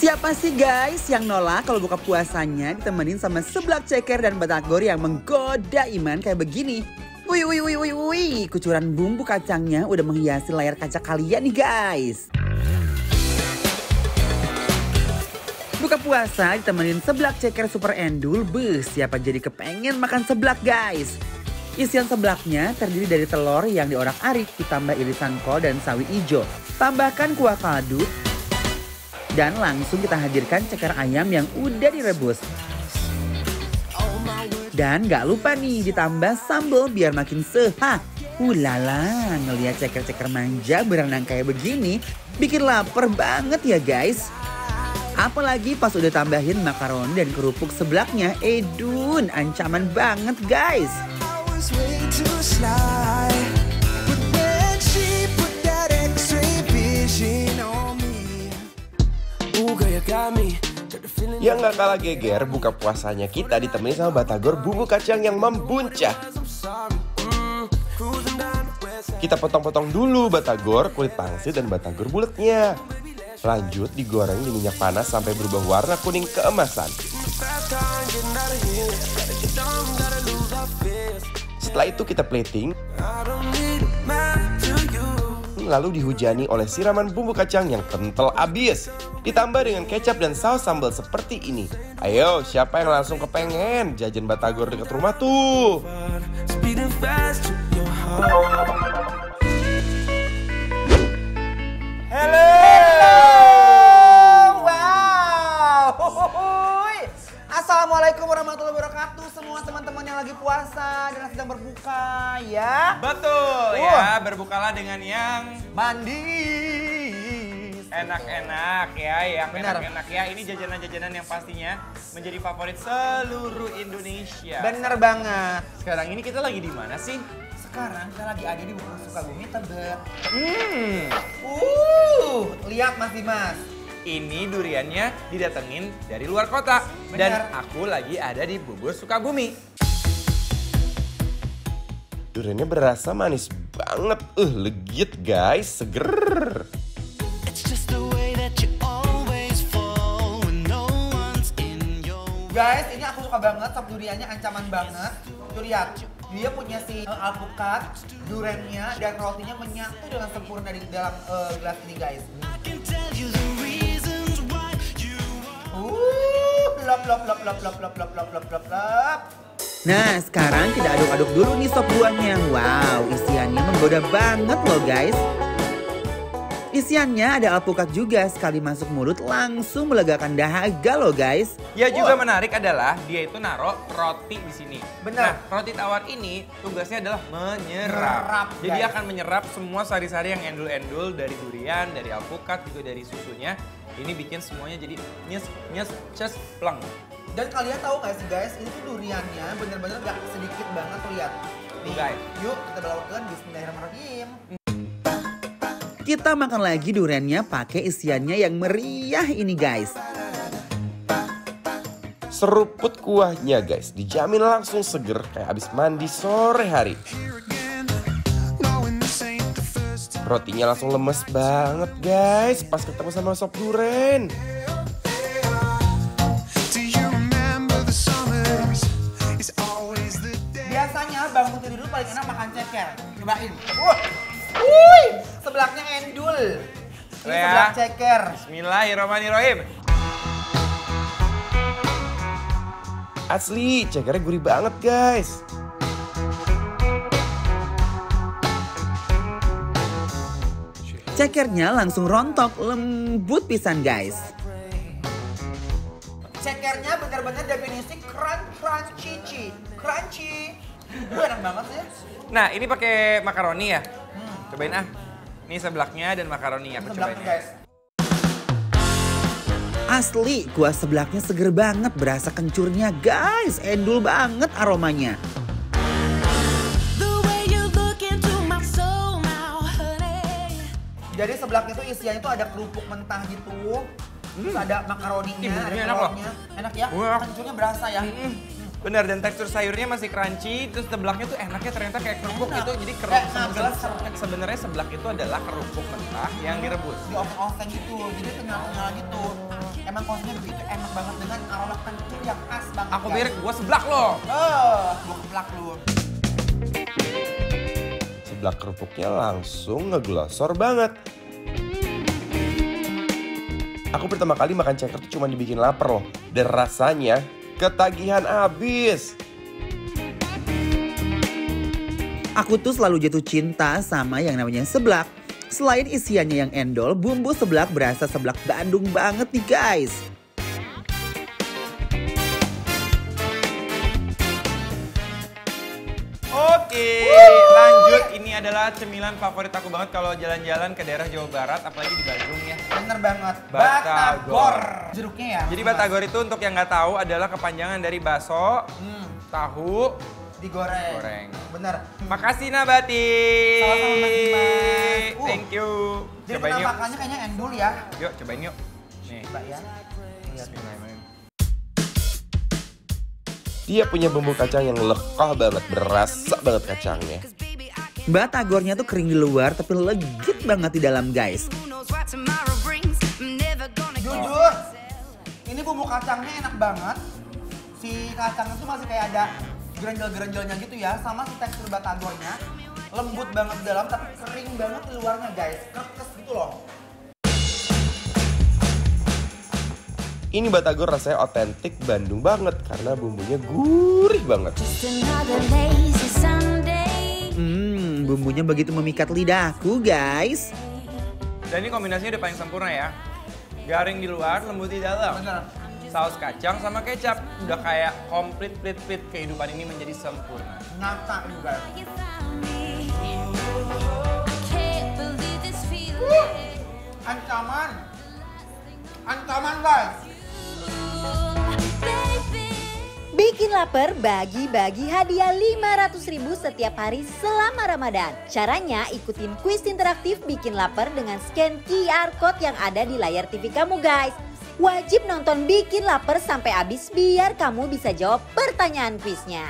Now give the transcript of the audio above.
Siapa sih guys yang nolak kalau buka puasanya ditemenin sama seblak ceker dan batagor yang menggoda iman kayak begini? Wih, wih, wih, wih, wih, kucuran bumbu kacangnya udah menghiasi layar kaca kalian nih guys. Buka puasa ditemenin seblak ceker super endul, beuh siapa jadi kepengen makan seblak guys. Isian seblaknya terdiri dari telur yang diorak-arik ditambah irisan kol dan sawi ijo. Tambahkan kuah kaldu, dan langsung kita hadirkan ceker ayam yang udah direbus. Dan gak lupa nih ditambah sambal biar makin sehat. Ulala, ngeliat ceker-ceker manja berenang kayak begini, bikin lapar banget ya guys. Apalagi pas udah tambahin makaron dan kerupuk sebelaknya, edun, eh, ancaman banget guys. Yang nggak kalah geger, buka puasanya kita ditemani sama batagor bumbu kacang yang membuncah. Kita potong-potong dulu batagor, kulit pangsit, dan batagor bulatnya. Lanjut digoreng di minyak panas sampai berubah warna kuning keemasan. Setelah itu kita plating lalu dihujani oleh siraman bumbu kacang yang kental abis. Ditambah dengan kecap dan saus sambal seperti ini. Ayo, siapa yang langsung kepengen jajan batagor dekat rumah tuh? Hello! Wow! Assalamualaikum warahmatullahi wabarakatuh semua teman-teman yang lagi puasa dan sedang berbuka ya. Betul uh. ya, berbukalah dengan yang mandi enak-enak ya, yang enak-enak ya. Ini jajanan-jajanan yang pastinya menjadi favorit seluruh Indonesia. Benar banget. Sekarang ini kita lagi di mana sih? Sekarang kita lagi ada di Bukit Sukabumi Tebet. Hmm. Uh, lihat Mas Dimas. Ini duriannya didatengin dari luar kota Bener. dan aku lagi ada di Bubur Sukabumi. Duriannya berasa manis banget. Uh, legit guys, seger. Guys, ini aku suka banget sop duriannya ancaman banget. Tuh lihat, dia punya si uh, alpukat, duriannya dan rotinya menyatu dengan sempurna di dalam uh, gelas ini guys. Uh, lop lop lop lop lop lop lop lop lop lop. Nah, sekarang kita aduk-aduk dulu nih sop buahnya. Wow, isiannya menggoda banget loh guys. Isiannya ada alpukat juga, sekali masuk mulut langsung melegakan dahaga loh guys. Ya juga menarik adalah dia itu naruh roti di sini. Benar. Nah, roti tawar ini tugasnya adalah menyerap. Merap, Jadi guys. akan menyerap semua sari-sari yang endul-endul dari durian, dari alpukat, juga dari susunya. Ini bikin semuanya jadi nyes, nyes, ces, pleng. Dan kalian tahu nggak sih guys, ini tuh duriannya bener-bener gak sedikit banget lihat. Nih, guys. yuk kita belawakan Bismillahirrahmanirrahim. Kita makan lagi duriannya pakai isiannya yang meriah ini guys. Seruput kuahnya guys, dijamin langsung seger kayak abis mandi sore hari. Rotinya langsung lemes banget guys pas ketemu sama sop durian. ceker. Cobain. Uh. Wuih, sebelaknya endul. Ini ah. ceker. Bismillahirrahmanirrahim. Asli, cekernya gurih banget guys. Cekernya langsung rontok, lembut pisan guys. Cekernya benar-benar definisi crunch, crunch, cici, crunchy enak banget ya. Nah, ini pakai makaroni ya? Hmm. Cobain ah. Ini seblaknya dan makaroni aku seblaknya, cobain. Ya. Guys. Asli, kuah seblaknya seger banget, berasa kencurnya guys, endul banget aromanya. Jadi seblaknya itu isiannya itu ada kerupuk mentah gitu, hmm. terus ada makaroninya, ada telurnya, enak, enak ya, kencurnya berasa ya. Hmm benar dan tekstur sayurnya masih crunchy, terus seblaknya tuh enaknya ternyata kayak kerupuk gitu. itu. Jadi nah, kerupuk sebenarnya sebenarnya seblak itu adalah kerupuk mentah yang direbus. Di oven-oven gitu, jadi tinggal kenyal gitu. Emang konsepnya begitu enak banget dengan aroma kentang yang khas banget. Aku mirip, gua seblak loh Oh, gua keblak lo. Seblak kerupuknya langsung ngeglosor banget. Aku pertama kali makan ceker tuh cuma dibikin lapar loh. Dan rasanya ketagihan abis. Aku tuh selalu jatuh cinta sama yang namanya seblak. Selain isiannya yang endol, bumbu seblak berasa seblak Bandung banget nih guys. Oke. Okay adalah cemilan favorit aku banget kalau jalan-jalan ke daerah Jawa Barat, apalagi di Bandung ya. Bener banget. Batagor. Jeruknya ya. Jadi Batagor itu untuk yang nggak tahu adalah kepanjangan dari baso, hmm. tahu, digoreng. Goreng. Bener. Makasih Nabati. Salam sama Uh. Thank you. Jadi cobain yuk. makannya kayaknya endul ya. Yuk cobain yuk. Nih. Coba ya. Dia punya bumbu kacang yang lekah banget, berasa banget kacangnya batagornya tuh kering di luar tapi legit banget di dalam guys. Jujur, ini bumbu kacangnya enak banget. Si kacangnya tuh masih kayak ada gerenjel-gerenjelnya gitu ya, sama si tekstur batagornya. Lembut banget di dalam tapi kering banget di luarnya guys, kerkes gitu loh. Ini batagor rasanya otentik Bandung banget karena bumbunya gurih banget. Hmm, bumbunya begitu memikat lidahku guys. Dan ini kombinasinya udah paling sempurna ya. Garing di luar, lembut di dalam. Benar. Saus kacang sama kecap. Udah kayak komplit plit plit kehidupan ini menjadi sempurna. Nata juga. Uh, ancaman. Ancaman guys. bikin lapar, bagi-bagi hadiah 500 ribu setiap hari selama Ramadan. Caranya ikutin kuis interaktif bikin lapar dengan scan QR Code yang ada di layar TV kamu guys. Wajib nonton bikin lapar sampai habis biar kamu bisa jawab pertanyaan kuisnya.